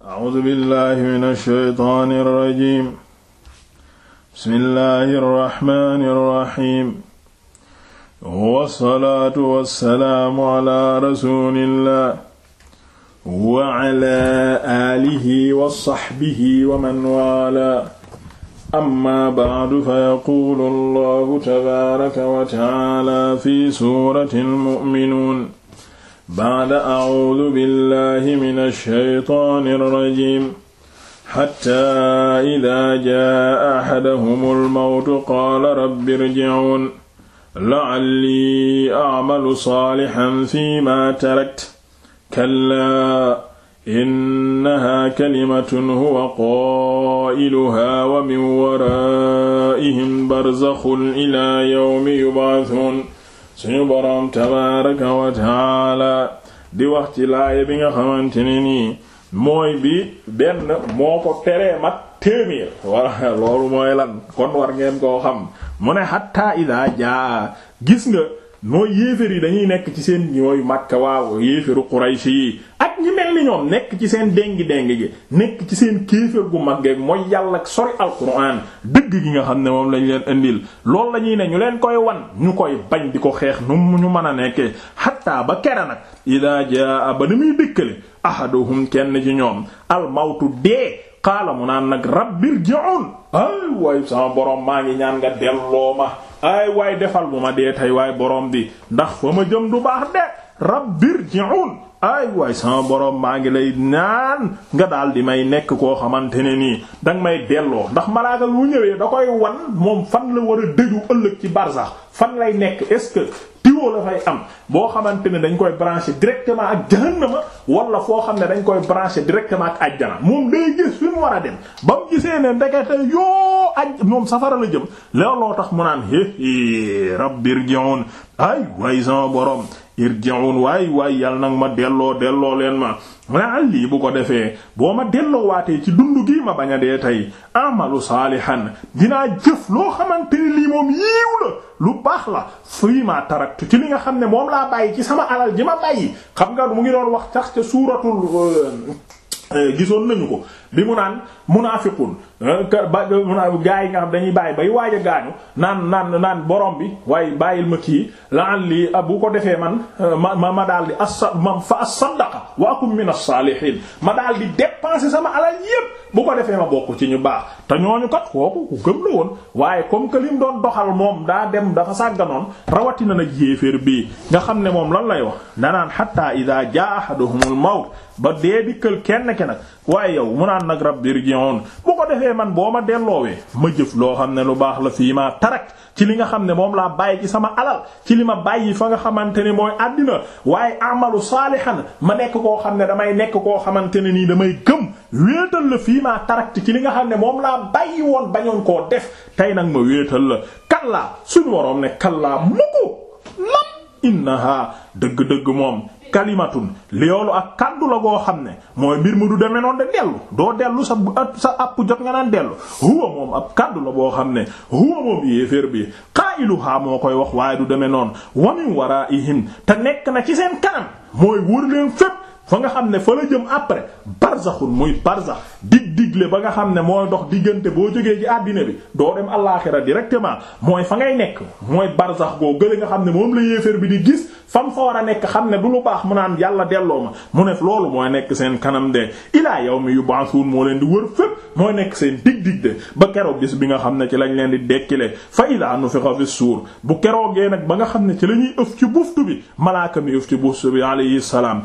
A'uuzu billaahi mina shaytaani rajiim. Bismillaahi rahmaani rahiim. Wa salaatu wa salaamu alaa rasuulillaah. Wa alaa aalihi wa sahbihi wa man waalaa. Ammaa ba'du fayaquulu Allaahu tabaaraka wa ta'aalaa fi suuratil mu'minuun. baada acuudu billahi min alshaytaani alrajim xatta ida jaa axadahum almawtu qaala rabbi irjicuun lacallii acmalu saalixan fiimaa tarakt kallaa innahaa kalimatun huwa qaa'iluhaa wa min waraa'ihim barzaxun ilaa yawmi yubcacuun suñu boroom tabaaraka wa taala di wax ci laaya bi nga xamante ne nii mooy bi benn moo ko teree mat téeméer wala loolu mooy lan kon war ngeen koo xam mu ne xattaa idaa jaa gis nga mooy yéeféer yi dañuy nekk ci seen ñooy Makka waaw yéeféeru Quraysh yi ak ñi mel ni ñoom nekk ci seen déngi déngi gi nekk ci seen kéeféer gu maggeeg mooy yàlla ak sori alquran dëgg gi nga xam ne moom lañ leen indil loolu la ne ñu leen koy wan ñu koy bañ di ko xeex nu ñu mën a nekkee xatta ba kera nag idaa jaa ba ni muy dëkkale ahaduhum kenn ci ñoom almawtu dee qaala mu naan nag rabbir ji'un ay waay sama borom maa ngi ñaan nga delloo ma ay waay defal bu ma dee tey waay borom bi ndax fa ma jëm du baax de rabbir ji'un ay waay sama borom maa ngi lay ñaan nga dal di may nekk koo xamante ne nii danga may delloo ndax malaaka lu ñëwee da koy wan moom fan la war a dëju ëllëg ci barsax fan lay nekk est tuyau la fay am boo xamante ne dañ koy branché directement ak jahannama wala foo xam ne dañ koy branché directement ak ajjana moom day gis fi mu war a dem ba mu gisee ne ndekete yoo aj moom safara la jëm looloo tax mu naan hé hé rabbir ji'un ay way sama borom irji'un waay waay yal nag ma delloo delloo leen ma la'alli bu ko defee boo ma delloo waatee ci dund gi ma bañ a dee tey amalu saalihan dinaa jëf loo xamante ni lii moom yiiw la lu baax la fii ma taraktu ci li nga xam ne moom laa bàyyi ci sama alal ji ma bàyyi xam nga mu ngi doon wax tax ca suuratul euh, gisoon nañu ko bi mu naan munaafiqun eh, ba gaa yi nga xam dañuy bàyyi bay waaj a gaañu naan naan naan borom bi waaye bàyyil ma kii laan lii ah, bu ko defee man eh, ma ma daal di assa ma fa asaddaqa wa akum min ma daal di dépenser sama alal yépp bu ko defee ma bokk ci ñu baax te ñooñu kat kooku ku gëm la woon waaye comme que lim doon doxal moom daa dem dafa sàgganoon rawatina nag yéeféer bii nga xam ne moom lan lay wax danaan hatta ida jaa ahaduhumul mawt ba dee kël kenn ki nag waaye yow mu naan nag rabbi irji'un bu ko defee man boo ma delloowee ma jëf loo xam ne lu baax la fii ma tarak ci li nga xam ne moom laa bàyyi ci sama alal ci li ma bàyyi fa nga xamante ne mooy àddina waaye amalu saalihan ma nekk koo xam ne damay nekk koo xamante ne nii damay gëm wéetal la fii ma tarak ci li nga xam ne moom laa bàyyi woon bañoon koo def tey nag ma wéetal la kallaa suñu waroom ne kallaa muku lam innaha dëgg-dëgg moom kalimatun loolu ak kaddu la goo xam ne mooy mbir mu du demee noonu de dellu doo dellu sa sa app jot nga naan dellu huwa moom ab kaddu la boo xam ne huwa moom yéeféer bi qaa'iluhaa moo koy wax waaye du demee noonu wa min waraa'ihim te nekk na ci seen kanam mooy wër leen fépp fa nga xam ne fa la jëm après barzaxul muy barzax dig digle ba nga xam ne mooy dox diggante boo jógee ci àddina bi doo dem allaaxira directement mooy fa ngay nekk mooy barzax goo gële nga xam ne moom la yéeféer bi di gis fam fa war a nekk xam ne du lu baax mu naan yàlla delloo ma mu ne loolu mooy nekk seen kanam de ilaa yawmi yub'athun moo leen di wër fépp mooy nekk seen dig dig de ba keroog bis bi nga xam ne ci lañ leen di dekkile fa ilaa nufixa fi suur bu keroogee nag ba nga xam ne ci la ñuy ëf ci buftu bi malaaka mi ëf ci buftu bi alayhi salaam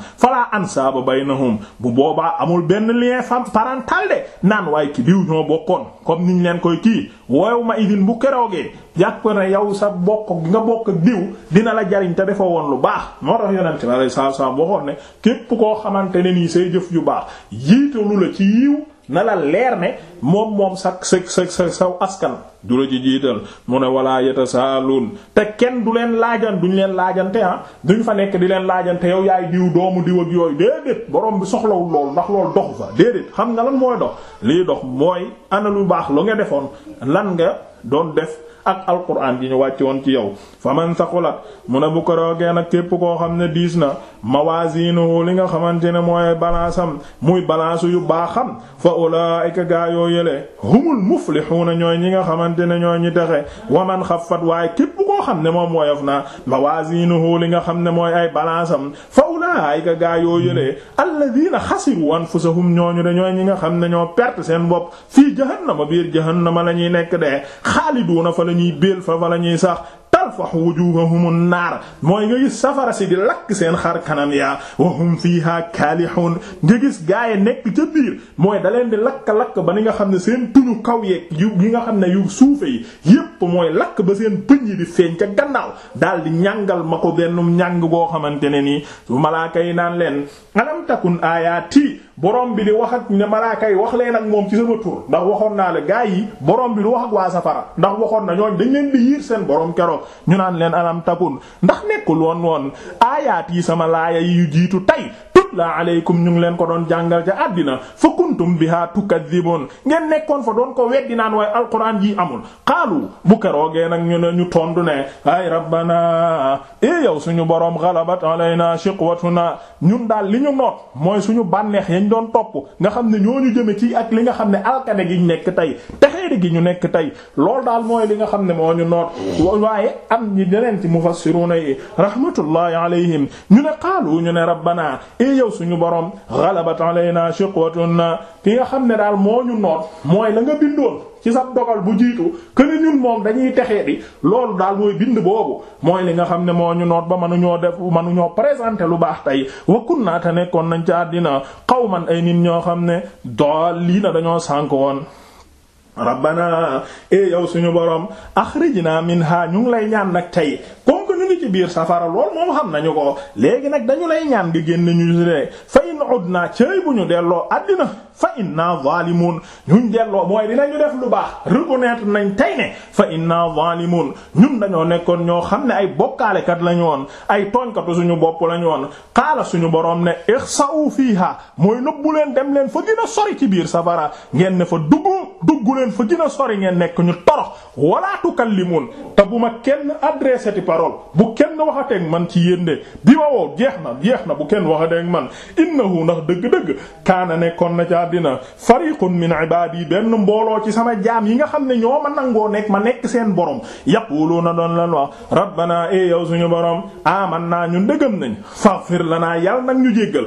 ahsaaba baynahum bu boobaa amul benn lien fam parental de naan waaye ki diw ñoo bokkoon comme niñ leen koy kii woow ma idin bu keroogee jàpp na yow sa bokk nga bokk ak diw dina la jariñ te defoo woon lu baax moo tax yonente bi alayhi salaatu salaam waxoon ne képp koo xamante ne nii say jëf ju baax jiitalu la ci yiw na la leer ne moom moom sa sa sa saw askan du la ci jiital mu ne walaa yatasaaluun te kenn du leen laajan duñ leen laajante ah duñ fa nekk di leen laajante yow yaay diw doomu diw ak yooyu déedéet borom bi soxlawul loolu ndax loolu doxu fa déedéet xam nga lan mooy dox lii dox mooy ana lu baax lu nga defoon lan nga doon def ak alquran ji ñu wàcc woon ci yow faman saqulat mu ne bu ko roogee nag képp koo xam ne diis na mawazinuhu li nga xamante ne mooy balance am muy balance yu baaxam fa ulaika gaa yooyu yële humul muflihuna ñooy ñi nga xamante ne ñooy ñu texe waman xaffat waaye képp koo xam ne moom woyof na mawazinuhu li nga xam ne mooy ay balance am fa ulaika gaa yoo yële alladhina xasiru anfusahum ñooñu de ñooy ñi nga xam ne ñoo perte seen bopp fii jahannama biir jahannama la ñuy nekk de xaaliduuna fa la ñuy béel fa fa la sax talfahu wujuhahum naar mooy nga gis safara si di lakk seen xar kanam yaa wa hum fiha kalihun nga gis gaay nekk ca biir mooy da leen di lakk-lakk ba ni nga xam ne seen tuñu kaw yeeg yu yi nga xam ne yu suufe yi yépp mooy lakk ba seen pëñ yi di feeñ ca gannaaw daal di ñàngal ma ko benn ñàng goo xamante ne nii su malaaka yi naan leen alam takun ayati borom bi di wax ak ne malaaka yi wax leen ak moom ci sama tur ndax waxoon naa la gaa yi borom bi du wax ak waa safara ndax waxoon na ñooñ dañ leen di yiir seen borom keroog ñu leen alam takun ndax nekkul woon woon aayaat yi sama laaya yi jiitu tey tutla aleykum ñu ngi leen ko doon jàngal ca àddina fa kuntum biha tukadhibun ngeen nekkoon fa doon ko weddi naan waaye alquran ji amul xaalu bu keroogee nag ñu ne ñu tondu ne ay rabbana e yow suñu borom ghalabat alayna na ñun daal li ñu noot mooy suñu bànneex doon topp nga xam ne ñooñu jëme ci ak li nga xam ne alkane gi ñu nekk tey texeeri gi ñu nekk tey loolu daal mooy li nga xam ne moo ñu noot waaye am ñi ñeneen ci mufassiruna yi rahmatullahi alayhim ñu ne qaalu ñu ne rabbana e yow suñu borom ghalabat alayna shiqwatuna ki nga xam ne daal moo ñu noot mooy la nga bindoon ci sa dogal bu jiitu këne ñun moom dañuy texe di loolu daal mooy bind boobu mooy li nga xam ne moo ñu noot ba ñoo def mënuñoo présenter lu baax tey wakkun naa te nekkoon nañ ci àddina man ay nit ñoo xam ne dool lii na dañoo sànk woon rabbana e yow suñu borom akhrijna minha ñu ngi lay ñaan nag tey comme que ngi ci biir safara lool moom xam nañu ko léegi nag dañu lay ñaan nga génn ñu si fa in udna cëy bu ñu delloo àddina fa inna zalimun ñun delloo mooy dinañu def lu baax reconnaître nañ tey ne fa inna zalimun ñun dañoo nekkoon ñoo xam ne ay bokkaalekat lañu woon ay tooñkatu suñu bopp lañu woon qaala suñu boroom ne ixsa'u fiha mooy nëbbu leen dem leen fa gën sori ci biir safara ngeen ne fa dugg dugg leen fa gën a sori ngeen nekk ñu torox wala tukallimun te bu ma kenn adressé ti parole bu kenn waxateeg man ci yénde bi ma jeex na jeex na bu kenn waxateeg man innahu ndax dëgg-dëgg dina fariqun min ibadi benn mbooloo ci sama jaam yi nga xam ne ñoo ma nangoo nekk ma nekk seen borom yaquluuna doon lan wax rabbana e yow suñu borom amanna ñun dëgëm fa faghfir lana yàlla nag ñu jéggal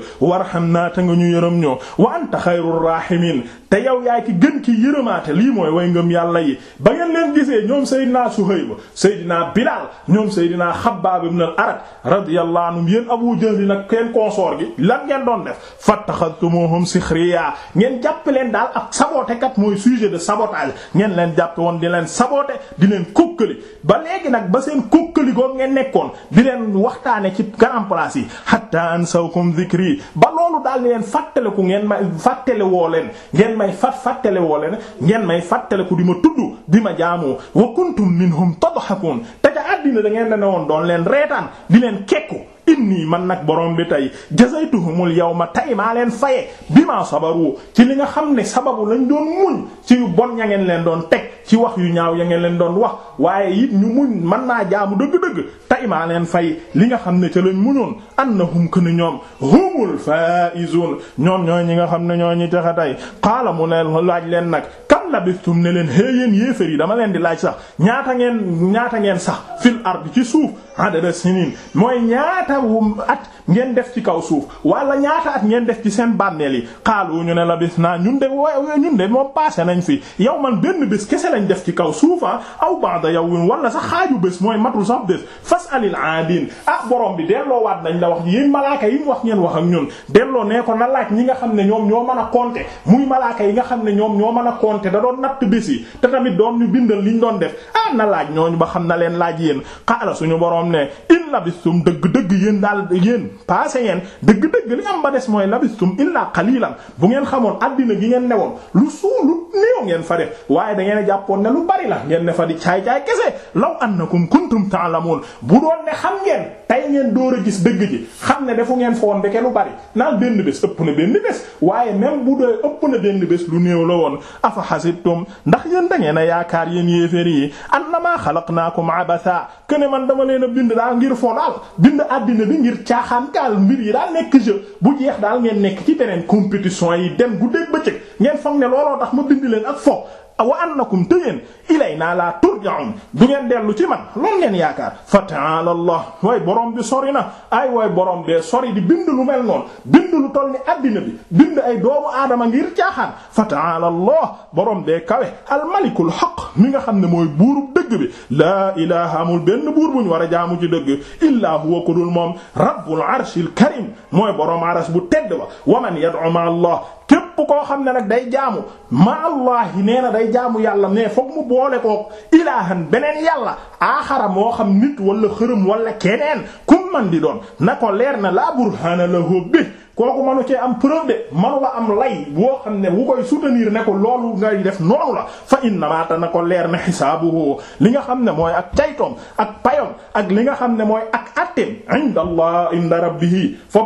naa te nga ñu yërëm ñoo wa anta xayrur rahimin te yow yaay ci gën ci yërëmaate lii mooy way ngëm yàlla yi ba ngeen leen gisee ñoom Seydina Suhayb Seydina Bilal ñoom Seydina Xabbaab ibn al-Arat radiyallahu anhum yéen Abu Jahl nag kenn consort gi lan ngeen doon def fattakhadtumuhum sikhriya ngeen jàpp leen daal ak saboté kat mooy sujet de sabotage ngeen leen jàpp woon di leen saboté di leen kukkali ba léegi nag ba seen kukkali goog ngeen nekkoon di leen waxtaane ci grand place yi hatta ansawkum dhikri ba loolu daal di leen fàttale ku ngeen may fàttale woo leen ngeen may fat fàttale woo leen ngeen may fàttale ku di ma tudd di ma jaamoo wa kuntum minhum tadhakun te ca àddina da ngeen da woon doon leen reetaan di leen kekku inni man nag boroom bi tey yow ma tey maa leen faye bima sabaru ci li nga xam ne sababu lañ doon muñ ci yu bon ña ngeen leen doon teg ci wax yu ñaaw ya ngeen leen doon wax waaye it ñu muñ mën naa jaamu dëgg-dëgg tey maa leen fay li nga xam ne ca lañ muñoon annahum kën ñoom humul faizun ñoom ñooy ñi nga xam ne ñoo ñi texe tey qaala ne laaj leen nag am labistum ne leen hee yéen yéefar yi dama leen di laaj sax ñaata ngeen sax fil ard ci suuf adada sinin mooy ñaata at ngeen def ci kaw suuf wala ñaata at ngeen def ci seen bànneel yi xaalu ñu ne labis naa ñun de ñun de moom passé nañ fi yow man benn bés kese lañ def ci kaw suufa ah, aw ba'da yawmin wala sax xaaju bés mooy matul sax bés fasalil aadin a ah, borom bi delloowaat nañ la wax yéen malaaka yi wax ngeen wax ak ñun delloo nee ko na laaj ñi nga xam ne ñoom ñoo mën a compter muy malaaka yi nga xam ne ñoom ñoo mën a compter te doon natt bés yi te tamit doon ñu bindal liñ doon def ah na laaj ñooñu ba xam na leen laaj yéen xaala suñu boroom ne in labistum dëgg-dëgg yéen daal yéen passé ngeen dëgg-dëgg li am ba des mooy labistum illaa qalilan bu ngeen xamoon àddina gi ngeen newoon lu suu lu néew ngeen fa def waaye da ngeen jàppoon ne lu bari la ngeen ne fa di caay-caay kese law annakum kuntum ta'lamun bu doon ne xam ngeen tey ngeen door a gis dëgg ji xam ne defu ngeen foon beke lu bari naan benn bés ëpp na benn waaye même bu dee ëpp na benn bés woon afa hasibtum ndax yéen da ngeen a yaakaar yen yéefér yi ma annamaa xalaqnaakum abasa kene man dama leen a bind daal ngir fo daal bind àddina bi ngir caaxaan kaal mbir yi daal nekk jeu bu jeex daal ngeen nekk ci beneen compétition yi dem guddéeg bëccëg ngeen foog ne looloo tax ma bind leen ak fo wa annakum te yéen ilaynaa laa turja'un du ngeen dellu ci man loolu ngeen yaakaar fa ta'ala allah waay borom bi sori na ay way borom bee sori di bind lu mel noonu bind lu toll ni addina bi bind ay doomu aadama ngir caaxaan fa ta'ala allah borom bee kawe almalikul haqq mi nga xam ne mooy buurub dëgg bi laa ilaha amul benn buur bu ñu war a jaamu ci dëgg illaa huwa ku dul moom rabbul arshil mooy borom aras bu tedd ba wa man yad'u ma allah képp koo xam ne nag day jaamu ma ngay jaamu yàlla mais fokk mu boole kook ilaahan beneen yàlla aaxara moo xam nit wala xërëm wala keneen kum man di doon na ko leer na laa burhaana la bi kooku manu cee am preuve de manu la am lay boo xam ne wu koy soutenir ne ko loolu ngay def noonu la fa innamaata na ko leer na xisaabuhu li nga xam ne mooy ak caytoom ak payom ak li nga xam ne mooy ak atteem inda allah inda rabbihi fa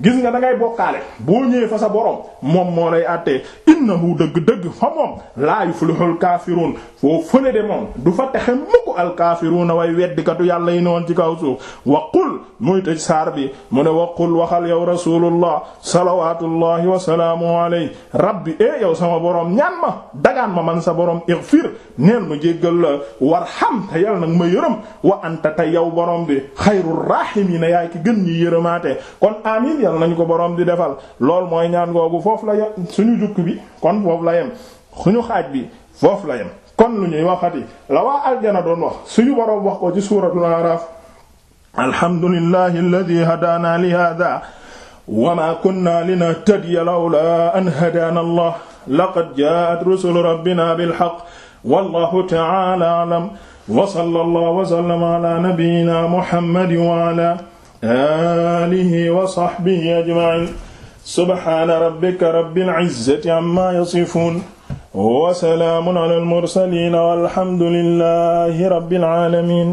gis nga da ngay bokkaale boo ñëwee fa sa borom moom moo lay attee innahu dëgg-dëgg fa moom laa yuflihul kaafiruun foo fële de moom du fa texe mukk al kaafiruuna way weddikatu yàlla yi noon ci kaw suuf wa qul muy tëj saar bi mu ne wa qul waxal yow rasulullah salawatullahi wa salaamu rabbi e yow sama boroom ñaan ma dagaan ma man sa borom ighfir neen ma jéggal la warham te yàlla nag ma yërëm wa anta te yow boroom bi xayrur raahimiin yaay ki gën ñi yërëmaate kon amiin yàlla nañu ko borom di defal lool mooy ñaan googu foofu la suñu jukki bi kon foofu la yem suñu xaaj bi foofu la yem kon lu ñuy waxati la waa aljana doon wax suñu borom wax ko ci suuratul Araaf alhamdulillahi alladhi hadaana li wa maa kunna linahtadiya lawlaa an hadaana allah laqad jaa'at rusulu rabbina bilhaqq wallahu ta'ala a'lam wa sallallahu wa sallama ala nabiyyina muhammadin wa ala alihi wa sahbihi ajma'in subhana rabbika rabbil izzati amma yasifun wa salaamun ala al mursalin walhamdulillahi rabbil alamin